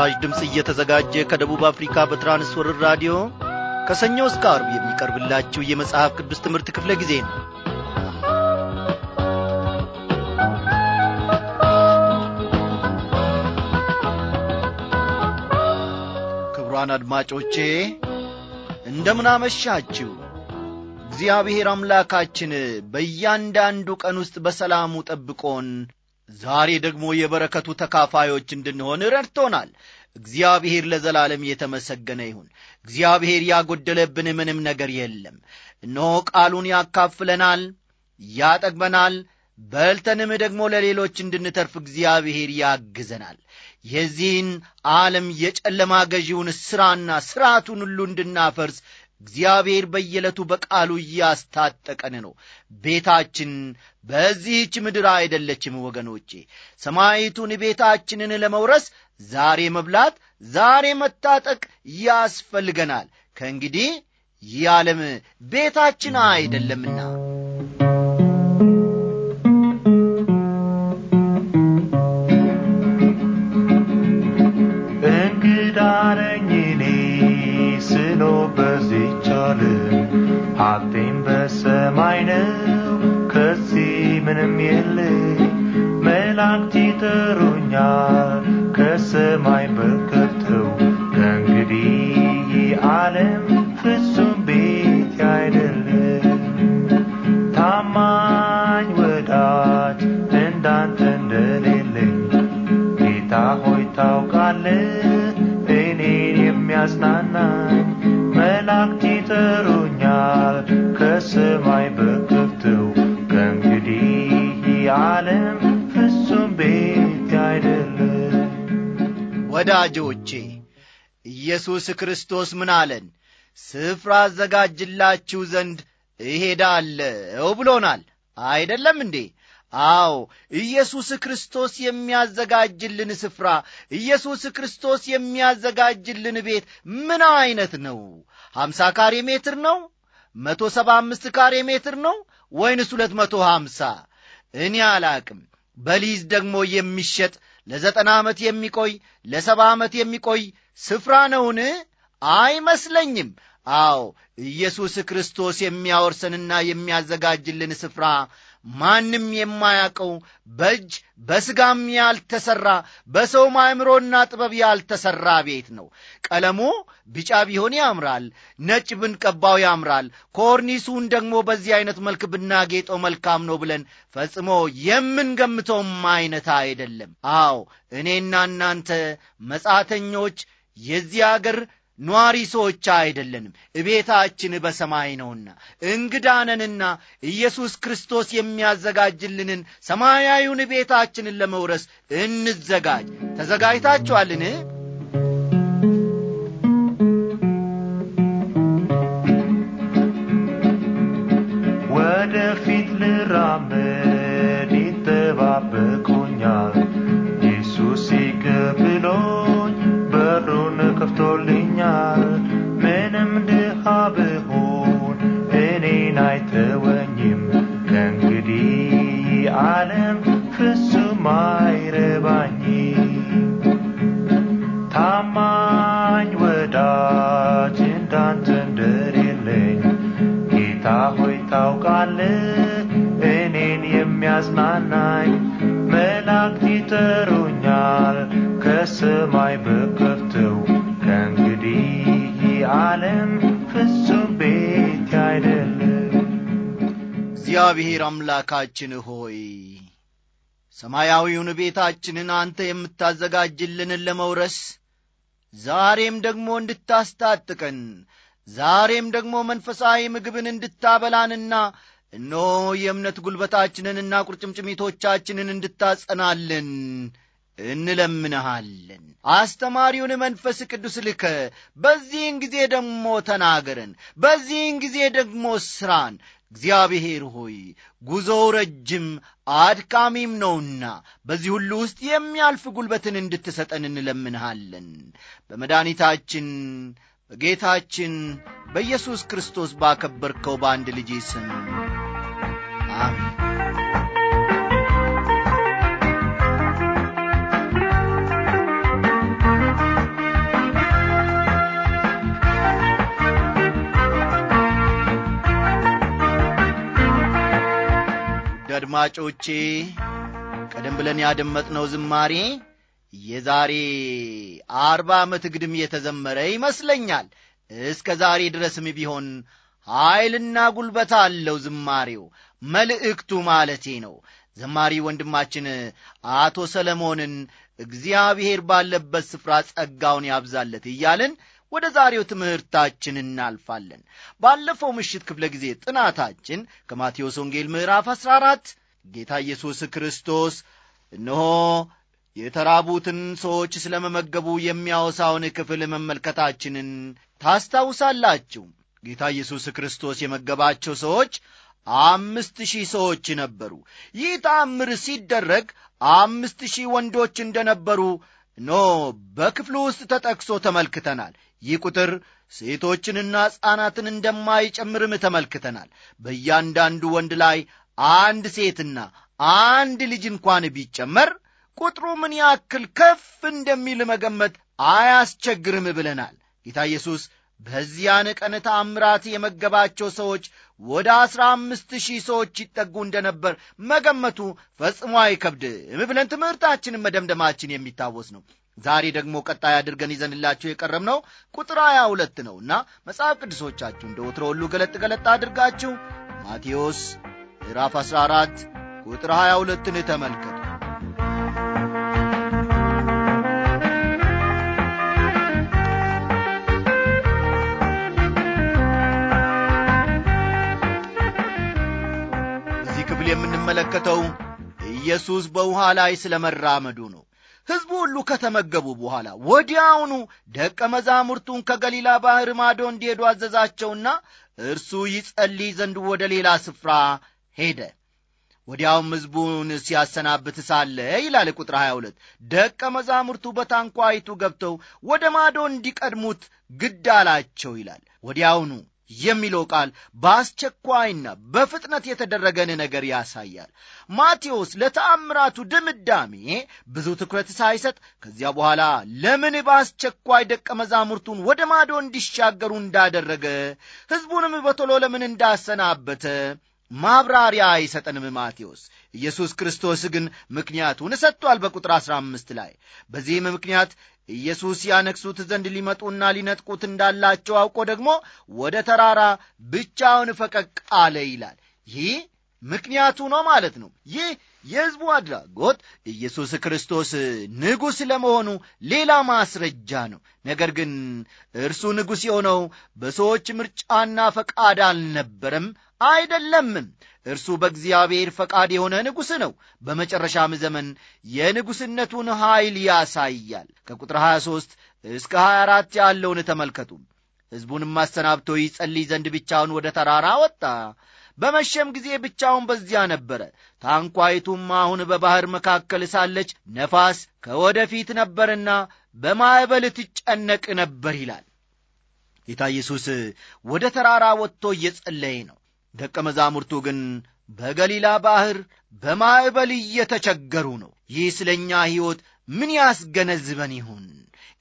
ለምስራች ድምፅ እየተዘጋጀ ከደቡብ አፍሪካ በትራንስወርር ራዲዮ ከሰኞ እስከ አርብ የሚቀርብላችሁ የመጽሐፍ ቅዱስ ትምህርት ክፍለ ጊዜ ነው ክቡራን አድማጮቼ እንደምናመሻችሁ እግዚአብሔር አምላካችን በእያንዳንዱ ቀን ውስጥ በሰላሙ ጠብቆን ዛሬ ደግሞ የበረከቱ ተካፋዮች እንድንሆን ረድቶናል። እግዚአብሔር ለዘላለም የተመሰገነ ይሁን። እግዚአብሔር ያጎደለብን ምንም ነገር የለም። እነሆ ቃሉን ያካፍለናል፣ ያጠግበናል፣ በልተንም ደግሞ ለሌሎች እንድንተርፍ እግዚአብሔር ያግዘናል። የዚህን ዓለም የጨለማ ገዢውን ሥራና ሥርዓቱን ሁሉ እንድናፈርስ እግዚአብሔር በየዕለቱ በቃሉ እያስታጠቀን ነው። ቤታችን በዚህች ምድር አይደለችም ወገኖቼ። ሰማይቱን ቤታችንን ለመውረስ ዛሬ መብላት፣ ዛሬ መታጠቅ ያስፈልገናል። ከእንግዲህ ይህ ዓለም ቤታችን አይደለምና ምንም የለኝ መላእክት ይጠሩኛል ከሰማይ በኩል ወዳጆቼ ኢየሱስ ክርስቶስ ምን አለን? ስፍራ አዘጋጅላችሁ ዘንድ እሄዳለሁ ብሎናል። አይደለም እንዴ? አዎ ኢየሱስ ክርስቶስ የሚያዘጋጅልን ስፍራ፣ ኢየሱስ ክርስቶስ የሚያዘጋጅልን ቤት ምን አይነት ነው? ሀምሳ ካሬ ሜትር ነው? መቶ ሰባ አምስት ካሬ ሜትር ነው ወይንስ ሁለት መቶ ሀምሳ እኔ አላቅም። በሊዝ ደግሞ የሚሸጥ ለዘጠና ዓመት የሚቆይ ለሰባ ዓመት የሚቆይ ስፍራ ነውን? አይመስለኝም። አዎ ኢየሱስ ክርስቶስ የሚያወርሰንና የሚያዘጋጅልን ስፍራ ማንም የማያውቀው በእጅ በሥጋም ያልተሠራ በሰውም አእምሮና ጥበብ ያልተሠራ ቤት ነው። ቀለሙ ቢጫ ቢሆን ያምራል፣ ነጭ ብንቀባው ያምራል፣ ኮርኒሱን ደግሞ በዚህ አይነት መልክ ብናጌጠው መልካም ነው ብለን ፈጽሞ የምንገምተውም አይነት አይደለም። አዎ እኔና እናንተ መጻተኞች የዚህ አገር ኗሪ ሰዎች አይደለንም፣ እቤታችን በሰማይ ነውና እንግዳነንና ኢየሱስ ክርስቶስ የሚያዘጋጅልንን ሰማያዊውን ቤታችንን ለመውረስ እንዘጋጅ። ተዘጋጅታችኋልን? አምላካችን ሆይ ሰማያዊውን ቤታችንን አንተ የምታዘጋጅልን ለመውረስ ዛሬም ደግሞ እንድታስታጥቀን ዛሬም ደግሞ መንፈሳዊ ምግብን እንድታበላንና እኖ የእምነት ጒልበታችንንና ቁርጭምጭሚቶቻችንን እንድታጸናልን እንለምንሃለን። አስተማሪውን መንፈስ ቅዱስ ልከ በዚህን ጊዜ ደግሞ ተናገረን፣ በዚህን ጊዜ ደግሞ ሥራን፣ እግዚአብሔር ሆይ ጉዞው ረጅም አድካሚም ነውና በዚህ ሁሉ ውስጥ የሚያልፍ ጉልበትን እንድትሰጠን እንለምንሃለን በመድኃኒታችን በጌታችን በኢየሱስ ክርስቶስ ባከበርከው በአንድ ልጅ ስም አሜን አድማጮቼ ቀደም ብለን ያደመጥነው ዝማሬ የዛሬ አርባ ዓመት ግድም የተዘመረ ይመስለኛል። እስከ ዛሬ ድረስም ቢሆን ኀይልና ጉልበት አለው ዝማሬው፣ መልእክቱ ማለቴ ነው። ዘማሪ ወንድማችን አቶ ሰለሞንን እግዚአብሔር ባለበት ስፍራ ጸጋውን ያብዛለት እያልን ወደ ዛሬው ትምህርታችን እናልፋለን። ባለፈው ምሽት ክፍለ ጊዜ ጥናታችን ከማቴዎስ ወንጌል ምዕራፍ 14 ጌታ ኢየሱስ ክርስቶስ እነሆ የተራቡትን ሰዎች ስለ መመገቡ የሚያወሳውን ክፍል መመልከታችንን ታስታውሳላችሁ። ጌታ ኢየሱስ ክርስቶስ የመገባቸው ሰዎች አምስት ሺህ ሰዎች ነበሩ። ይህ ተአምር ሲደረግ አምስት ሺህ ወንዶች እንደነበሩ ኖ በክፍሉ ውስጥ ተጠቅሶ ተመልክተናል። ይህ ቁጥር ሴቶችንና ሕፃናትን እንደማይጨምርም ተመልክተናል። በእያንዳንዱ ወንድ ላይ አንድ ሴትና አንድ ልጅ እንኳን ቢጨመር ቁጥሩ ምን ያክል ከፍ እንደሚል መገመት አያስቸግርም ብለናል። ጌታ ኢየሱስ በዚያን ቀን ተአምራት የመገባቸው ሰዎች ወደ አሥራ አምስት ሺህ ሰዎች ይጠጉ እንደነበር መገመቱ ፈጽሞ አይከብድም ብለን ትምህርታችንን መደምደማችን የሚታወስ ነው። ዛሬ ደግሞ ቀጣይ አድርገን ይዘንላችሁ የቀረብነው ቁጥር ሀያ ሁለት ነውና መጽሐፍ ቅዱሶቻችሁ እንደ ወትሮ ሁሉ ገለጥ ገለጥ አድርጋችሁ ማቴዎስ ምዕራፍ 14 ቁጥር 22ን ተመልከቱ። በዚህ ክፍል የምንመለከተው ኢየሱስ በውኃ ላይ ስለ መራመዱ ነው። ሕዝቡ ሁሉ ከተመገቡ በኋላ ወዲያውኑ ደቀ መዛሙርቱን ከገሊላ ባሕር ማዶ እንዲሄዱ አዘዛቸውና እርሱ ይጸልይ ዘንድ ወደ ሌላ ስፍራ ሄደ። ወዲያውም ሕዝቡን ሲያሰናብት ሳለ ይላል ቁጥር 22 ደቀ መዛሙርቱ በታንኳይቱ ገብተው ወደ ማዶ እንዲቀድሙት ግድ አላቸው ይላል። ወዲያውኑ የሚለው ቃል በአስቸኳይና በፍጥነት የተደረገን ነገር ያሳያል። ማቴዎስ ለተአምራቱ ድምዳሜ ብዙ ትኩረት ሳይሰጥ ከዚያ በኋላ ለምን በአስቸኳይ ደቀ መዛሙርቱን ወደ ማዶ እንዲሻገሩ እንዳደረገ ሕዝቡንም በቶሎ ለምን እንዳሰናበተ ማብራሪያ አይሰጠንም ማቴዎስ። ኢየሱስ ክርስቶስ ግን ምክንያቱን እሰጥቷል በቁጥር 15 ላይ በዚህም ምክንያት ኢየሱስ ያነክሱት ዘንድ ሊመጡና ሊነጥቁት እንዳላቸው አውቆ ደግሞ ወደ ተራራ ብቻውን ፈቀቅ አለ ይላል። ይህ ምክንያቱ ነው ማለት ነው። ይህ የሕዝቡ አድራጎት ኢየሱስ ክርስቶስ ንጉሥ ለመሆኑ ሌላ ማስረጃ ነው። ነገር ግን እርሱ ንጉሥ የሆነው በሰዎች ምርጫና ፈቃድ አልነበረም አይደለም እርሱ በእግዚአብሔር ፈቃድ የሆነ ንጉሥ ነው። በመጨረሻም ዘመን የንጉሥነቱን ኃይል ያሳያል። ከቁጥር 23 እስከ 24 ያለውን ተመልከቱ። ሕዝቡንም አሰናብቶ ይጸልይ ዘንድ ብቻውን ወደ ተራራ ወጣ። በመሸም ጊዜ ብቻውን በዚያ ነበረ። ታንኳይቱም አሁን በባሕር መካከል ሳለች ነፋስ ከወደፊት ነበርና በማዕበል ትጨነቅ ነበር ይላል። ጌታ ኢየሱስ ወደ ተራራ ወጥቶ እየጸለየ ነው። ደቀ መዛሙርቱ ግን በገሊላ ባሕር በማዕበል እየተቸገሩ ነው። ይህ ስለ እኛ ሕይወት ምን ያስገነዝበን ይሁን?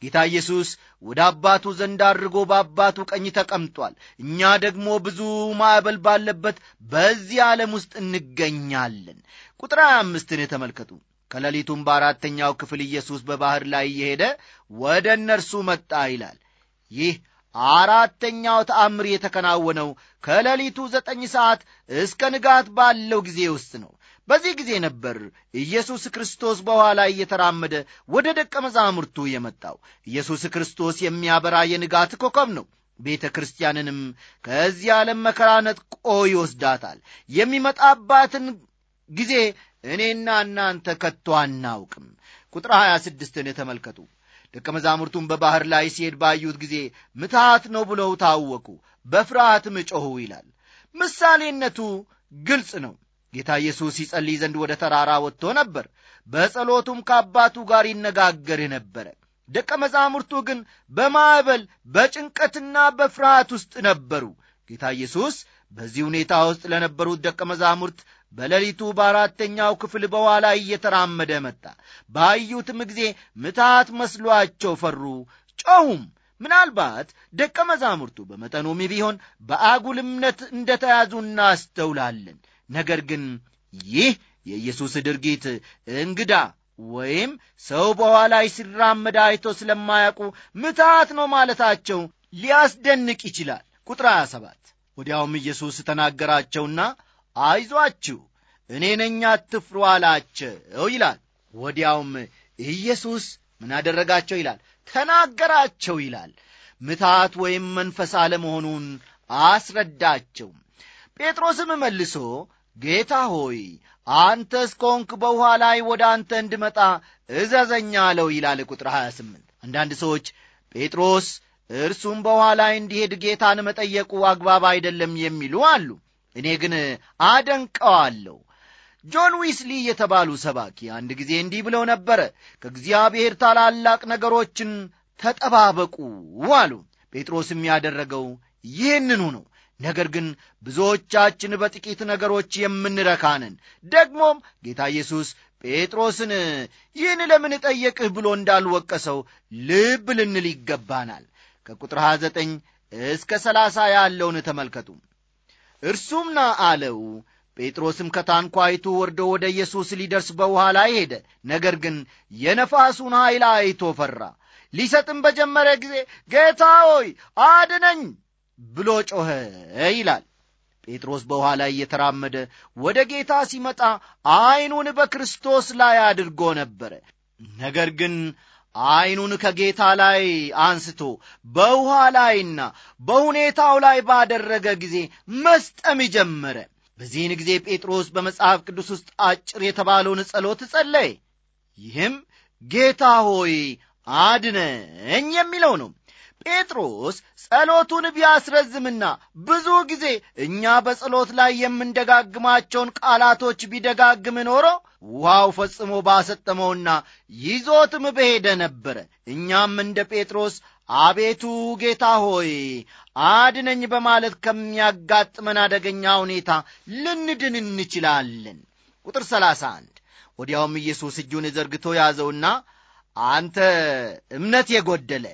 ጌታ ኢየሱስ ወደ አባቱ ዘንድ አድርጎ በአባቱ ቀኝ ተቀምጧል። እኛ ደግሞ ብዙ ማዕበል ባለበት በዚህ ዓለም ውስጥ እንገኛለን። ቁጥር አምስትን የተመልከቱ ከሌሊቱም በአራተኛው ክፍል ኢየሱስ በባሕር ላይ እየሄደ ወደ እነርሱ መጣ ይላል። ይህ አራተኛው ተአምር የተከናወነው ከሌሊቱ ዘጠኝ ሰዓት እስከ ንጋት ባለው ጊዜ ውስጥ ነው። በዚህ ጊዜ ነበር ኢየሱስ ክርስቶስ በኋላ እየተራመደ ወደ ደቀ መዛሙርቱ የመጣው። ኢየሱስ ክርስቶስ የሚያበራ የንጋት ኮከብ ነው። ቤተ ክርስቲያንንም ከዚህ ዓለም መከራ ነጥቆ ይወስዳታል። የሚመጣባትን ጊዜ እኔና እናንተ ከቶ አናውቅም። ቁጥር 26ን ተመልከቱ። ደቀ መዛሙርቱም በባሕር ላይ ሲሄድ ባዩት ጊዜ ምትሃት ነው ብለው ታወቁ በፍርሃትም ጮኹ ይላል። ምሳሌነቱ ግልጽ ነው። ጌታ ኢየሱስ ይጸልይ ዘንድ ወደ ተራራ ወጥቶ ነበር። በጸሎቱም ከአባቱ ጋር ይነጋገር ነበረ። ደቀ መዛሙርቱ ግን በማዕበል በጭንቀትና በፍርሃት ውስጥ ነበሩ። ጌታ ኢየሱስ በዚህ ሁኔታ ውስጥ ለነበሩት ደቀ መዛሙርት በሌሊቱ በአራተኛው ክፍል በኋላ እየተራመደ መጣ። ባዩትም ጊዜ ምታት መስሏቸው ፈሩ፣ ጮኹም። ምናልባት ደቀ መዛሙርቱ በመጠኑም ቢሆን በአጉል እምነት እንደ ተያዙ እናስተውላለን። ነገር ግን ይህ የኢየሱስ ድርጊት እንግዳ ወይም ሰው በኋላይ ሲራመድ አይቶ ስለማያውቁ ምታት ነው ማለታቸው ሊያስደንቅ ይችላል። ቁጥር 27 ወዲያውም ኢየሱስ ተናገራቸውና አይዟችሁ እኔ ነኝ አትፍሩ አላቸው ይላል። ወዲያውም ኢየሱስ ምን አደረጋቸው ይላል? ተናገራቸው ይላል። ምታት ወይም መንፈስ አለመሆኑን አስረዳቸው። ጴጥሮስም መልሶ ጌታ ሆይ አንተ ስኮንክ በውኃ ላይ ወደ አንተ እንድመጣ እዘዘኛ አለው ይላል። ቁጥር 28 አንዳንድ ሰዎች ጴጥሮስ እርሱም በውኃ ላይ እንዲሄድ ጌታን መጠየቁ አግባብ አይደለም የሚሉ አሉ። እኔ ግን አደንቀዋለሁ። ጆን ዊስሊ የተባሉ ሰባኪ አንድ ጊዜ እንዲህ ብለው ነበረ፣ ከእግዚአብሔር ታላላቅ ነገሮችን ተጠባበቁ አሉ። ጴጥሮስም ያደረገው ይህንኑ ነው። ነገር ግን ብዙዎቻችን በጥቂት ነገሮች የምንረካንን ደግሞም ጌታ ኢየሱስ ጴጥሮስን ይህን ለምን ጠየቅህ ብሎ እንዳልወቀሰው ልብ ልንል ይገባናል። ከቁጥር 29 እስከ 30 ያለውን ተመልከቱ። እርሱም ና አለው። ጴጥሮስም ከታንኳይቱ ወርዶ ወደ ኢየሱስ ሊደርስ በውኃ ላይ ሄደ። ነገር ግን የነፋሱን ኃይል አይቶ ፈራ። ሊሰጥም በጀመረ ጊዜ ጌታ ሆይ አድነኝ ብሎ ጮኸ ይላል። ጴጥሮስ በውኃ ላይ እየተራመደ ወደ ጌታ ሲመጣ ዐይኑን በክርስቶስ ላይ አድርጎ ነበረ። ነገር ግን ዐይኑን ከጌታ ላይ አንስቶ በውኃ ላይና በሁኔታው ላይ ባደረገ ጊዜ መስጠም ጀመረ። በዚህን ጊዜ ጴጥሮስ በመጽሐፍ ቅዱስ ውስጥ አጭር የተባለውን ጸሎት ጸለየ። ይህም ጌታ ሆይ አድነኝ የሚለው ነው። ጴጥሮስ ጸሎቱን ቢያስረዝምና ብዙ ጊዜ እኛ በጸሎት ላይ የምንደጋግማቸውን ቃላቶች ቢደጋግም ኖሮ ውሃው ፈጽሞ ባሰጠመውና ይዞትም በሄደ ነበረ። እኛም እንደ ጴጥሮስ አቤቱ ጌታ ሆይ አድነኝ በማለት ከሚያጋጥመን አደገኛ ሁኔታ ልንድን እንችላለን። ቁጥር 31 ወዲያውም ኢየሱስ እጁን ዘርግቶ ያዘውና አንተ እምነት የጎደለ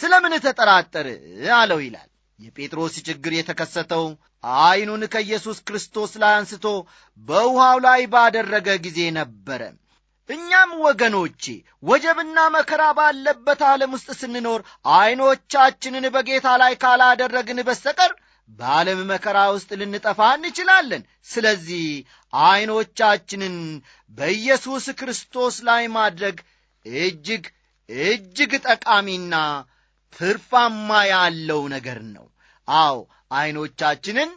ስለምን ተጠራጠር አለው ይላል። የጴጥሮስ ችግር የተከሰተው ዐይኑን ከኢየሱስ ክርስቶስ ላይ አንስቶ በውሃው ላይ ባደረገ ጊዜ ነበረ። እኛም ወገኖቼ ወጀብና መከራ ባለበት ዓለም ውስጥ ስንኖር ዐይኖቻችንን በጌታ ላይ ካላደረግን በስተቀር በዓለም መከራ ውስጥ ልንጠፋ እንችላለን። ስለዚህ ዐይኖቻችንን በኢየሱስ ክርስቶስ ላይ ማድረግ እጅግ እጅግ ጠቃሚና ትርፋማ ያለው ነገር ነው። አዎ ዐይኖቻችንን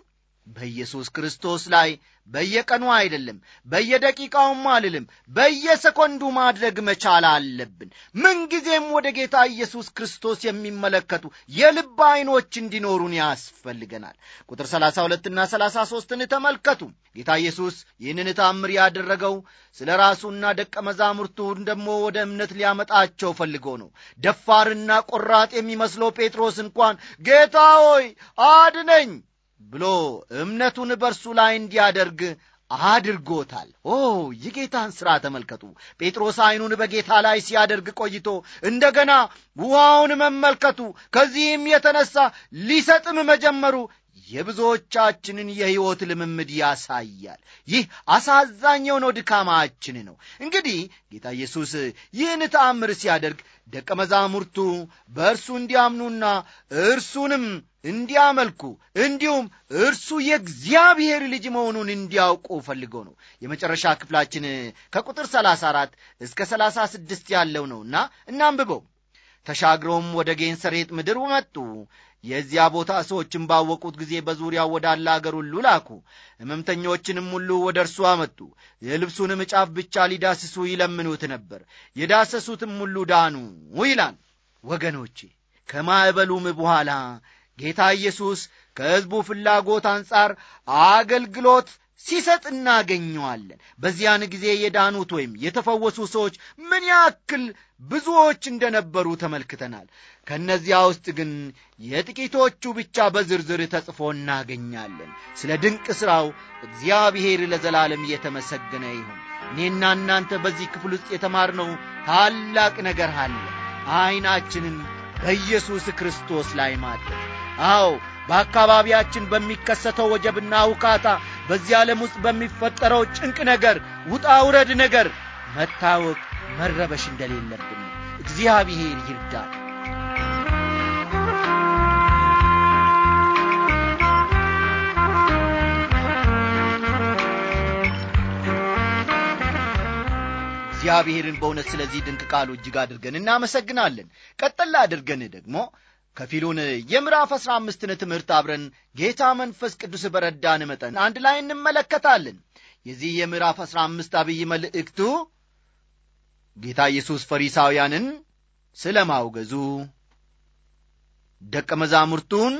በኢየሱስ ክርስቶስ ላይ በየቀኑ አይደለም፣ በየደቂቃውም አልልም፣ በየሰኮንዱ ማድረግ መቻል አለብን። ምንጊዜም ወደ ጌታ ኢየሱስ ክርስቶስ የሚመለከቱ የልብ ዐይኖች እንዲኖሩን ያስፈልገናል። ቁጥር 32ና 33ን ተመልከቱ። ጌታ ኢየሱስ ይህንን ታምር ያደረገው ስለ ራሱና ደቀ መዛሙርቱ ደግሞ ወደ እምነት ሊያመጣቸው ፈልጎ ነው። ደፋርና ቆራጥ የሚመስለው ጴጥሮስ እንኳን ጌታ ሆይ አድነኝ ብሎ እምነቱን በእርሱ ላይ እንዲያደርግ አድርጎታል። ኦ የጌታን ሥራ ተመልከቱ። ጴጥሮስ ዐይኑን በጌታ ላይ ሲያደርግ ቆይቶ እንደገና ውሃውን መመልከቱ፣ ከዚህም የተነሳ ሊሰጥም መጀመሩ የብዙዎቻችንን የሕይወት ልምምድ ያሳያል። ይህ አሳዛኝ የሆነው ድካማችን ነው። እንግዲህ ጌታ ኢየሱስ ይህን ተአምር ሲያደርግ ደቀ መዛሙርቱ በእርሱ እንዲያምኑና እርሱንም እንዲያመልኩ እንዲሁም እርሱ የእግዚአብሔር ልጅ መሆኑን እንዲያውቁ ፈልገው ነው። የመጨረሻ ክፍላችን ከቁጥር 34 እስከ 36 ያለው ነውና እናንብበው። ተሻግረውም ወደ ጌንሰሬጥ ምድር መጡ። የዚያ ቦታ ሰዎችን ባወቁት ጊዜ በዙሪያ ወዳለ አገር ሁሉ ላኩ። ሕመምተኞችንም ሁሉ ወደ እርሱ አመጡ። የልብሱንም ጫፍ ብቻ ሊዳስሱ ይለምኑት ነበር። የዳሰሱትም ሁሉ ዳኑ ይላል። ወገኖቼ ከማዕበሉም በኋላ ጌታ ኢየሱስ ከሕዝቡ ፍላጎት አንጻር አገልግሎት ሲሰጥ እናገኘዋለን። በዚያን ጊዜ የዳኑት ወይም የተፈወሱ ሰዎች ምን ያክል ብዙዎች እንደነበሩ ተመልክተናል። ከእነዚያ ውስጥ ግን የጥቂቶቹ ብቻ በዝርዝር ተጽፎ እናገኛለን። ስለ ድንቅ ሥራው እግዚአብሔር ለዘላለም እየተመሰገነ ይሁን። እኔና እናንተ በዚህ ክፍል ውስጥ የተማርነው ታላቅ ነገር አለ። ዐይናችንን በኢየሱስ ክርስቶስ ላይ ማድረግ። አዎ በአካባቢያችን በሚከሰተው ወጀብና ውካታ በዚህ ዓለም ውስጥ በሚፈጠረው ጭንቅ ነገር፣ ውጣ ውረድ ነገር መታወቅ፣ መረበሽ እንደሌለብን እግዚአብሔር ይርዳል። እግዚአብሔርን በእውነት ስለዚህ ድንቅ ቃሉ እጅግ አድርገን እናመሰግናለን። ቀጠላ አድርገን ደግሞ ከፊሉን የምዕራፍ አሥራ አምስትን ትምህርት አብረን ጌታ መንፈስ ቅዱስ በረዳን መጠን አንድ ላይ እንመለከታለን። የዚህ የምዕራፍ አሥራ አምስት አብይ መልእክቱ ጌታ ኢየሱስ ፈሪሳውያንን ስለ ማውገዙ፣ ደቀ መዛሙርቱን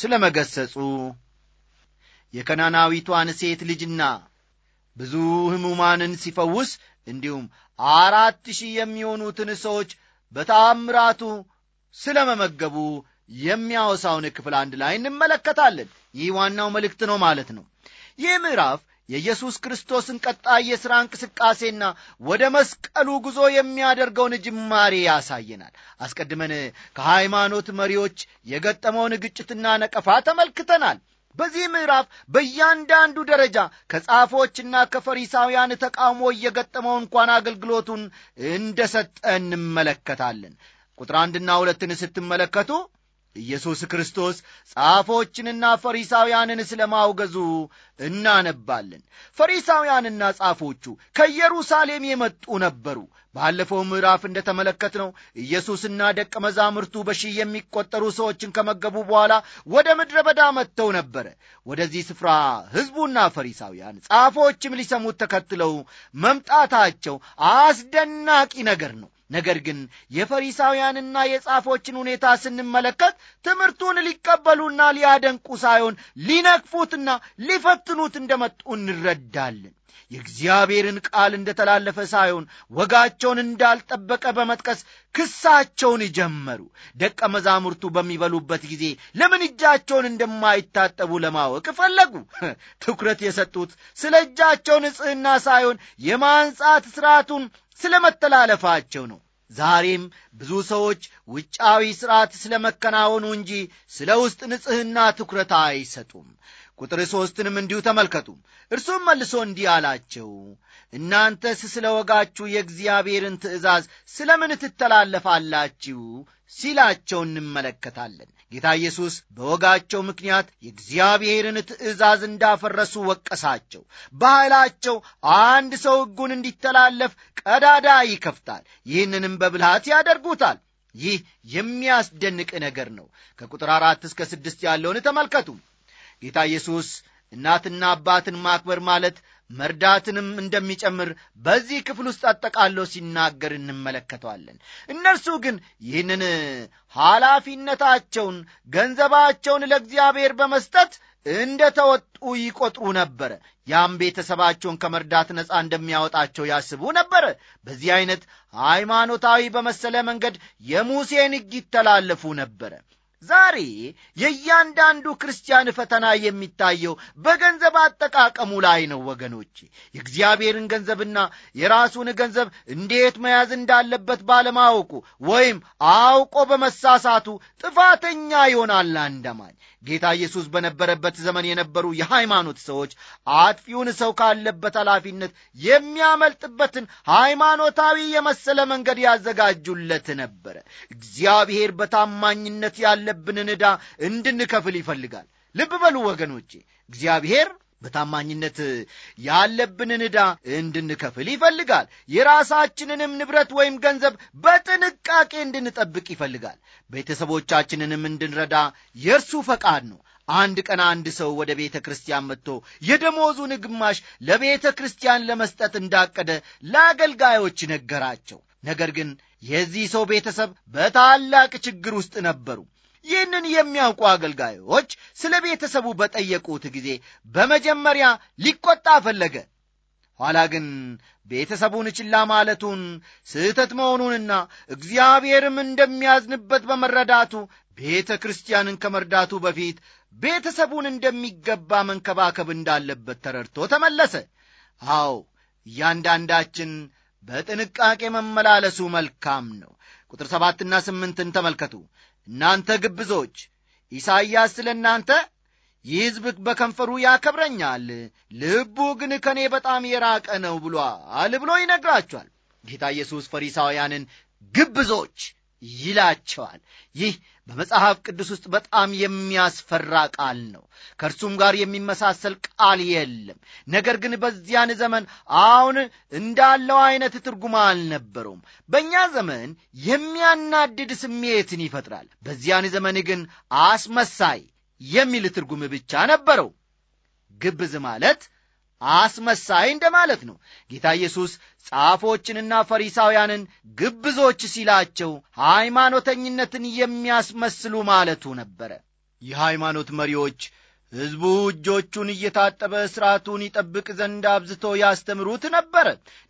ስለ መገሰጹ፣ የከናናዊቷን ሴት ልጅና ብዙ ሕሙማንን ሲፈውስ እንዲሁም አራት ሺህ የሚሆኑትን ሰዎች በታምራቱ ስለ መመገቡ የሚያወሳውን ክፍል አንድ ላይ እንመለከታለን ይህ ዋናው መልእክት ነው ማለት ነው ይህ ምዕራፍ የኢየሱስ ክርስቶስን ቀጣይ የሥራ እንቅስቃሴና ወደ መስቀሉ ጉዞ የሚያደርገውን ጅማሬ ያሳየናል አስቀድመን ከሃይማኖት መሪዎች የገጠመውን ግጭትና ነቀፋ ተመልክተናል በዚህ ምዕራፍ በእያንዳንዱ ደረጃ ከጻፎችና ከፈሪሳውያን ተቃውሞ እየገጠመው እንኳን አገልግሎቱን እንደ ሰጠ እንመለከታለን ቁጥር አንድና ሁለትን ስትመለከቱ ኢየሱስ ክርስቶስ ጻፎችንና ፈሪሳውያንን ስለ ማውገዙ እናነባለን። ፈሪሳውያንና ጻፎቹ ከኢየሩሳሌም የመጡ ነበሩ። ባለፈው ምዕራፍ እንደ ተመለከትነው ኢየሱስና ደቀ መዛሙርቱ በሺህ የሚቆጠሩ ሰዎችን ከመገቡ በኋላ ወደ ምድረ በዳ መጥተው ነበረ። ወደዚህ ስፍራ ሕዝቡና ፈሪሳውያን ጻፎችም ሊሰሙት ተከትለው መምጣታቸው አስደናቂ ነገር ነው። ነገር ግን የፈሪሳውያንና የጻፎችን ሁኔታ ስንመለከት ትምህርቱን ሊቀበሉና ሊያደንቁ ሳይሆን ሊነክፉትና ሊፈትኑት እንደመጡ እንረዳለን የእግዚአብሔርን ቃል እንደተላለፈ ሳይሆን ወጋቸውን እንዳልጠበቀ በመጥቀስ ክሳቸውን ጀመሩ። ደቀ መዛሙርቱ በሚበሉበት ጊዜ ለምን እጃቸውን እንደማይታጠቡ ለማወቅ ፈለጉ። ትኩረት የሰጡት ስለ እጃቸው ንጽሕና ሳይሆን የማንጻት ሥርዓቱን ስለ መተላለፋቸው ነው። ዛሬም ብዙ ሰዎች ውጫዊ ሥርዓት ስለ መከናወኑ እንጂ ስለ ውስጥ ንጽሕና ትኩረት አይሰጡም። ቁጥር ሦስትንም እንዲሁ ተመልከቱ። እርሱም መልሶ እንዲህ አላቸው፣ እናንተስ ስለ ወጋችሁ የእግዚአብሔርን ትእዛዝ ስለ ምን ትተላለፋላችሁ? ሲላቸው እንመለከታለን። ጌታ ኢየሱስ በወጋቸው ምክንያት የእግዚአብሔርን ትእዛዝ እንዳፈረሱ ወቀሳቸው። ባህላቸው አንድ ሰው ሕጉን እንዲተላለፍ ቀዳዳ ይከፍታል። ይህንንም በብልሃት ያደርጉታል። ይህ የሚያስደንቅ ነገር ነው። ከቁጥር አራት እስከ ስድስት ያለውን ተመልከቱ። ጌታ ኢየሱስ እናትና አባትን ማክበር ማለት መርዳትንም እንደሚጨምር በዚህ ክፍል ውስጥ አጠቃሎ ሲናገር እንመለከተዋለን። እነርሱ ግን ይህንን ኃላፊነታቸውን፣ ገንዘባቸውን ለእግዚአብሔር በመስጠት እንደ ተወጡ ይቆጥሩ ነበረ። ያም ቤተሰባቸውን ከመርዳት ነፃ እንደሚያወጣቸው ያስቡ ነበረ። በዚህ ዐይነት ሃይማኖታዊ በመሰለ መንገድ የሙሴን ሕግ ይተላለፉ ነበረ። ዛሬ የእያንዳንዱ ክርስቲያን ፈተና የሚታየው በገንዘብ አጠቃቀሙ ላይ ነው። ወገኖቼ የእግዚአብሔርን ገንዘብና የራሱን ገንዘብ እንዴት መያዝ እንዳለበት ባለማወቁ ወይም አውቆ በመሳሳቱ ጥፋተኛ ይሆናል አንደማኝ ጌታ ኢየሱስ በነበረበት ዘመን የነበሩ የሃይማኖት ሰዎች አጥፊውን ሰው ካለበት ኃላፊነት የሚያመልጥበትን ሃይማኖታዊ የመሰለ መንገድ ያዘጋጁለት ነበረ። እግዚአብሔር በታማኝነት ያለብንን ዕዳ እንድንከፍል ይፈልጋል። ልብ በሉ ወገኖቼ፣ እግዚአብሔር በታማኝነት ያለብንን ዕዳ እንድንከፍል ይፈልጋል። የራሳችንንም ንብረት ወይም ገንዘብ በጥንቃቄ እንድንጠብቅ ይፈልጋል። ቤተሰቦቻችንንም እንድንረዳ የእርሱ ፈቃድ ነው። አንድ ቀን አንድ ሰው ወደ ቤተ ክርስቲያን መጥቶ የደሞዙን ግማሽ ለቤተ ክርስቲያን ለመስጠት እንዳቀደ ለአገልጋዮች ነገራቸው። ነገር ግን የዚህ ሰው ቤተሰብ በታላቅ ችግር ውስጥ ነበሩ። ይህንን የሚያውቁ አገልጋዮች ስለ ቤተሰቡ በጠየቁት ጊዜ በመጀመሪያ ሊቆጣ ፈለገ። ኋላ ግን ቤተሰቡን ችላ ማለቱን ስህተት መሆኑንና እግዚአብሔርም እንደሚያዝንበት በመረዳቱ ቤተ ክርስቲያንን ከመርዳቱ በፊት ቤተሰቡን እንደሚገባ መንከባከብ እንዳለበት ተረድቶ ተመለሰ። አዎ እያንዳንዳችን በጥንቃቄ መመላለሱ መልካም ነው። ቁጥር ሰባትና ስምንትን ተመልከቱ። እናንተ ግብዞች ኢሳይያስ ስለ እናንተ ይህ ሕዝብ በከንፈሩ ያከብረኛል፣ ልቡ ግን ከእኔ በጣም የራቀ ነው ብሏል ብሎ ይነግራቸዋል። ጌታ ኢየሱስ ፈሪሳውያንን ግብዞች ይላቸዋል። ይህ በመጽሐፍ ቅዱስ ውስጥ በጣም የሚያስፈራ ቃል ነው። ከእርሱም ጋር የሚመሳሰል ቃል የለም። ነገር ግን በዚያን ዘመን አሁን እንዳለው አይነት ትርጉም አልነበረውም። በእኛ ዘመን የሚያናድድ ስሜትን ይፈጥራል። በዚያን ዘመን ግን አስመሳይ የሚል ትርጉም ብቻ ነበረው። ግብዝ ማለት አስመሳይ እንደማለት ነው። ጌታ ኢየሱስ ጻፎችንና ፈሪሳውያንን ግብዞች ሲላቸው ሃይማኖተኝነትን የሚያስመስሉ ማለቱ ነበረ። የሃይማኖት መሪዎች ሕዝቡ እጆቹን እየታጠበ ሥርዓቱን ይጠብቅ ዘንድ አብዝቶ ያስተምሩት ነበረ።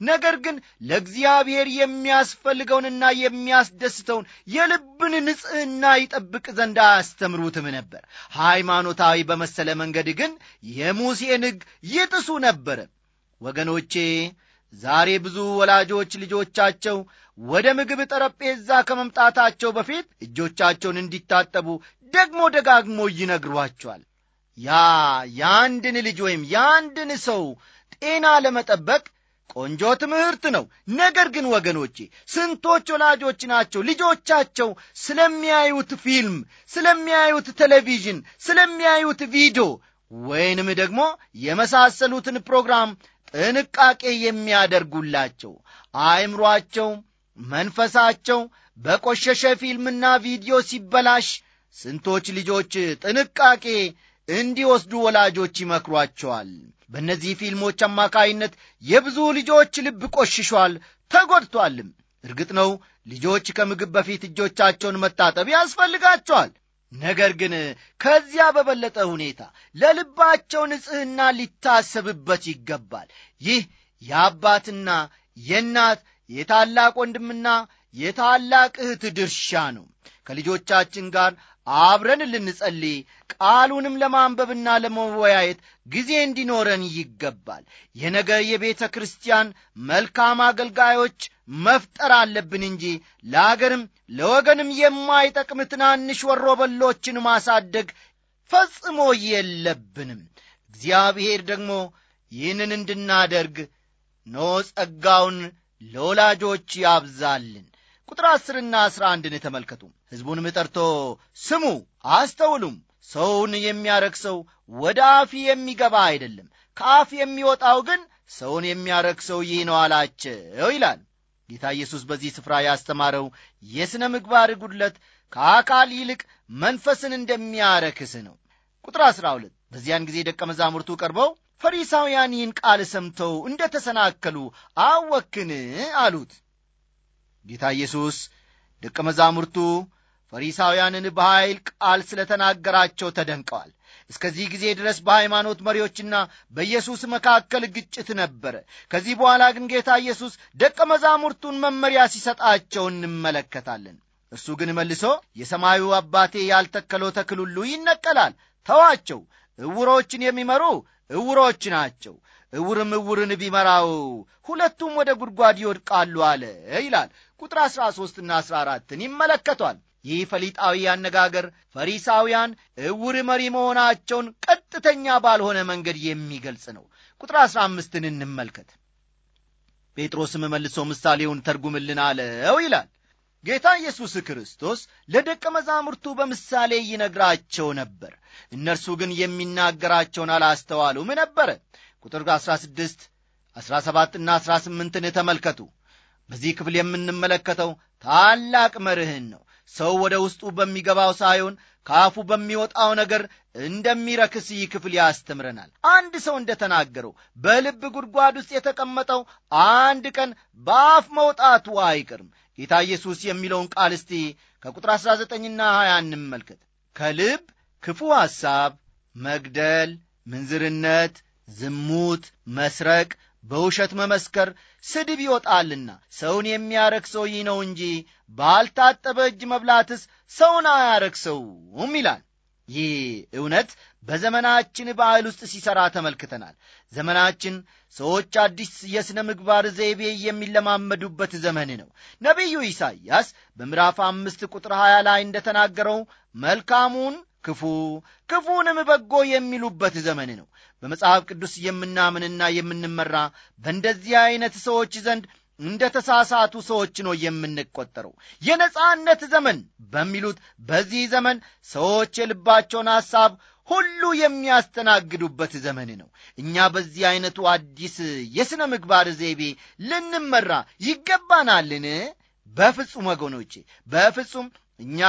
ነገር ግን ለእግዚአብሔር የሚያስፈልገውንና የሚያስደስተውን የልብን ንጽሕና ይጠብቅ ዘንድ አያስተምሩትም ነበር። ሃይማኖታዊ በመሰለ መንገድ ግን የሙሴን ሕግ ይጥሱ ነበረ። ወገኖቼ ዛሬ ብዙ ወላጆች ልጆቻቸው ወደ ምግብ ጠረጴዛ ከመምጣታቸው በፊት እጆቻቸውን እንዲታጠቡ ደግሞ ደጋግሞ ይነግሯቸዋል። ያ የአንድን ልጅ ወይም የአንድን ሰው ጤና ለመጠበቅ ቆንጆ ትምህርት ነው። ነገር ግን ወገኖቼ ስንቶች ወላጆች ናቸው ልጆቻቸው ስለሚያዩት ፊልም፣ ስለሚያዩት ቴሌቪዥን፣ ስለሚያዩት ቪዲዮ ወይንም ደግሞ የመሳሰሉትን ፕሮግራም ጥንቃቄ የሚያደርጉላቸው አእምሯቸው፣ መንፈሳቸው በቆሸሸ ፊልምና ቪዲዮ ሲበላሽ ስንቶች ልጆች ጥንቃቄ እንዲወስዱ ወላጆች ይመክሯቸዋል። በእነዚህ ፊልሞች አማካይነት የብዙ ልጆች ልብ ቆሽሿል፣ ተጎድቷልም። እርግጥ ነው ልጆች ከምግብ በፊት እጆቻቸውን መታጠብ ያስፈልጋቸዋል። ነገር ግን ከዚያ በበለጠ ሁኔታ ለልባቸው ንጽሕና ሊታሰብበት ይገባል። ይህ የአባትና የእናት የታላቅ ወንድምና የታላቅ እህት ድርሻ ነው። ከልጆቻችን ጋር አብረን ልንጸልይ ቃሉንም ለማንበብና ለመወያየት ጊዜ እንዲኖረን ይገባል። የነገ የቤተ ክርስቲያን መልካም አገልጋዮች መፍጠር አለብን እንጂ ለአገርም ለወገንም የማይጠቅም ትናንሽ ወሮበሎችን ማሳደግ ፈጽሞ የለብንም። እግዚአብሔር ደግሞ ይህንን እንድናደርግ ኖ ጸጋውን ለወላጆች ያብዛልን። ቁጥር ዐሥርና ዐሥራ አንድን ተመልከቱ። ሕዝቡንም ጠርቶ ስሙ፣ አስተውሉም። ሰውን የሚያረክሰው ወደ አፍ የሚገባ አይደለም፣ ከአፍ የሚወጣው ግን ሰውን የሚያረክሰው ይህ ነው አላቸው ይላል። ጌታ ኢየሱስ በዚህ ስፍራ ያስተማረው የሥነ ምግባር ጉድለት ከአካል ይልቅ መንፈስን እንደሚያረክስ ነው። ቁጥር 12 በዚያን ጊዜ ደቀ መዛሙርቱ ቀርበው ፈሪሳውያን ይህን ቃል ሰምተው እንደ ተሰናከሉ አወክን አሉት። ጌታ ኢየሱስ ደቀ መዛሙርቱ ፈሪሳውያንን በኃይል ቃል ስለተናገራቸው ተደንቀዋል። እስከዚህ ጊዜ ድረስ በሃይማኖት መሪዎችና በኢየሱስ መካከል ግጭት ነበረ። ከዚህ በኋላ ግን ጌታ ኢየሱስ ደቀ መዛሙርቱን መመሪያ ሲሰጣቸው እንመለከታለን። እርሱ ግን መልሶ የሰማዩ አባቴ ያልተከለው ተክል ሁሉ ይነቀላል፣ ተዋቸው። ዕውሮችን የሚመሩ ዕውሮች ናቸው። ዕውርም ዕውርን ቢመራው ሁለቱም ወደ ጉድጓድ ይወድቃሉ አለ ይላል። ቁጥር 13 ሦስትና 14 አራትን ይመለከቷል። ይህ ፈሊጣዊ አነጋገር ፈሪሳውያን እውር መሪ መሆናቸውን ቀጥተኛ ባልሆነ መንገድ የሚገልጽ ነው። ቁጥር አሥራ አምስትን እንመልከት። ጴጥሮስም መልሶ ምሳሌውን ተርጉምልን አለው ይላል። ጌታ ኢየሱስ ክርስቶስ ለደቀ መዛሙርቱ በምሳሌ ይነግራቸው ነበር። እነርሱ ግን የሚናገራቸውን አላስተዋሉም ነበረ። ቁጥር 16፣ 17ና 18ን ተመልከቱ። በዚህ ክፍል የምንመለከተው ታላቅ መርህን ነው። ሰው ወደ ውስጡ በሚገባው ሳይሆን ከአፉ በሚወጣው ነገር እንደሚረክስ ይህ ክፍል ያስተምረናል። አንድ ሰው እንደ ተናገረው በልብ ጉድጓድ ውስጥ የተቀመጠው አንድ ቀን በአፍ መውጣቱ አይቀርም። ጌታ ኢየሱስ የሚለውን ቃል እስቲ ከቁጥር 19ና 20 እንመልከት። ከልብ ክፉ ሐሳብ፣ መግደል፣ ምንዝርነት፣ ዝሙት፣ መስረቅ በውሸት መመስከር ስድብ ይወጣልና ሰውን የሚያረክሰው ይህ ነው እንጂ ባልታጠበ እጅ መብላትስ ሰውን አያረክሰውም ይላል። ይህ እውነት በዘመናችን ባህል ውስጥ ሲሠራ ተመልክተናል። ዘመናችን ሰዎች አዲስ የሥነ ምግባር ዘይቤ የሚለማመዱበት ዘመን ነው። ነቢዩ ኢሳይያስ በምዕራፍ አምስት ቁጥር 20 ላይ እንደተናገረው መልካሙን ክፉ ክፉንም በጎ የሚሉበት ዘመን ነው። በመጽሐፍ ቅዱስ የምናምንና የምንመራ በእንደዚህ ዐይነት ሰዎች ዘንድ እንደ ተሳሳቱ ሰዎች ነው የምንቆጠረው። የነጻነት ዘመን በሚሉት በዚህ ዘመን ሰዎች የልባቸውን ሐሳብ ሁሉ የሚያስተናግዱበት ዘመን ነው። እኛ በዚህ ዐይነቱ አዲስ የሥነ ምግባር ዘይቤ ልንመራ ይገባናልን? በፍጹም ወገኖቼ፣ በፍጹም እኛ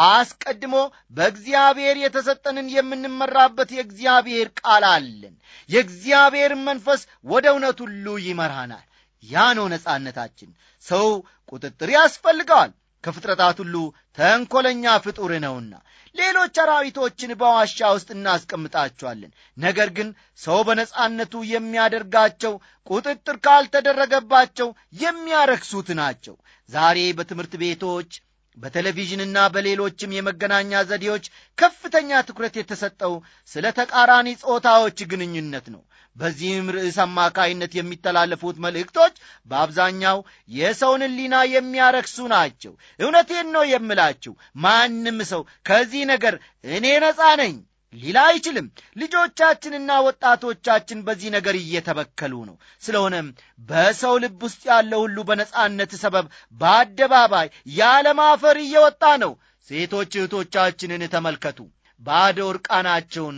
አስቀድሞ በእግዚአብሔር የተሰጠንን የምንመራበት የእግዚአብሔር ቃል አለን። የእግዚአብሔር መንፈስ ወደ እውነት ሁሉ ይመራናል። ያ ነው ነጻነታችን። ሰው ቁጥጥር ያስፈልገዋል። ከፍጥረታት ሁሉ ተንኰለኛ ፍጡር ነውና ሌሎች አራዊቶችን በዋሻ ውስጥ እናስቀምጣቸዋለን። ነገር ግን ሰው በነጻነቱ የሚያደርጋቸው ቁጥጥር ካልተደረገባቸው የሚያረክሱት ናቸው። ዛሬ በትምህርት ቤቶች በቴሌቪዥንና በሌሎችም የመገናኛ ዘዴዎች ከፍተኛ ትኩረት የተሰጠው ስለ ተቃራኒ ጾታዎች ግንኙነት ነው። በዚህም ርዕስ አማካይነት የሚተላለፉት መልእክቶች በአብዛኛው የሰውን ሊና የሚያረክሱ ናቸው። እውነቴን ነው የምላችሁ፣ ማንም ሰው ከዚህ ነገር እኔ ነፃ ነኝ ሊላ አይችልም። ልጆቻችንና ወጣቶቻችን በዚህ ነገር እየተበከሉ ነው። ስለሆነም በሰው ልብ ውስጥ ያለ ሁሉ በነጻነት ሰበብ በአደባባይ ያለማፈር እየወጣ ነው። ሴቶች እህቶቻችንን ተመልከቱ። ባዶ ዕርቃናቸውን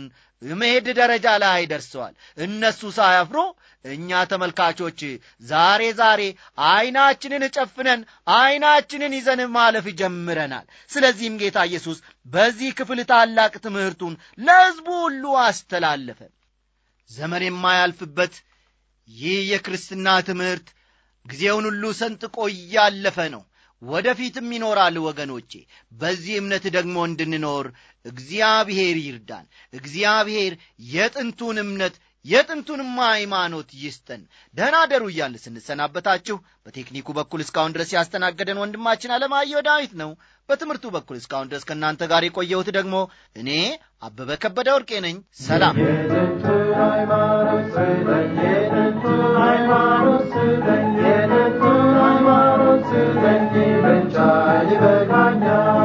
መሄድ ደረጃ ላይ ደርሰዋል። እነሱ ሳያፍሩ እኛ ተመልካቾች ዛሬ ዛሬ ዐይናችንን ጨፍነን ዐይናችንን ይዘን ማለፍ ጀምረናል። ስለዚህም ጌታ ኢየሱስ በዚህ ክፍል ታላቅ ትምህርቱን ለሕዝቡ ሁሉ አስተላለፈ። ዘመን የማያልፍበት ይህ የክርስትና ትምህርት ጊዜውን ሁሉ ሰንጥቆ እያለፈ ነው። ወደፊትም ይኖራል ወገኖቼ በዚህ እምነት ደግሞ እንድንኖር እግዚአብሔር ይርዳን እግዚአብሔር የጥንቱን እምነት የጥንቱንም ሃይማኖት ይስጠን ደህና ደሩ እያልን ስንሰናበታችሁ በቴክኒኩ በኩል እስካሁን ድረስ ያስተናገደን ወንድማችን አለማየሁ ዳዊት ነው በትምህርቱ በኩል እስካሁን ድረስ ከእናንተ ጋር የቆየሁት ደግሞ እኔ አበበ ከበደ ወርቄ ነኝ ሰላም ሃይማኖት ሃይማኖት ሃይማኖት ብቻ ይበቃኛል።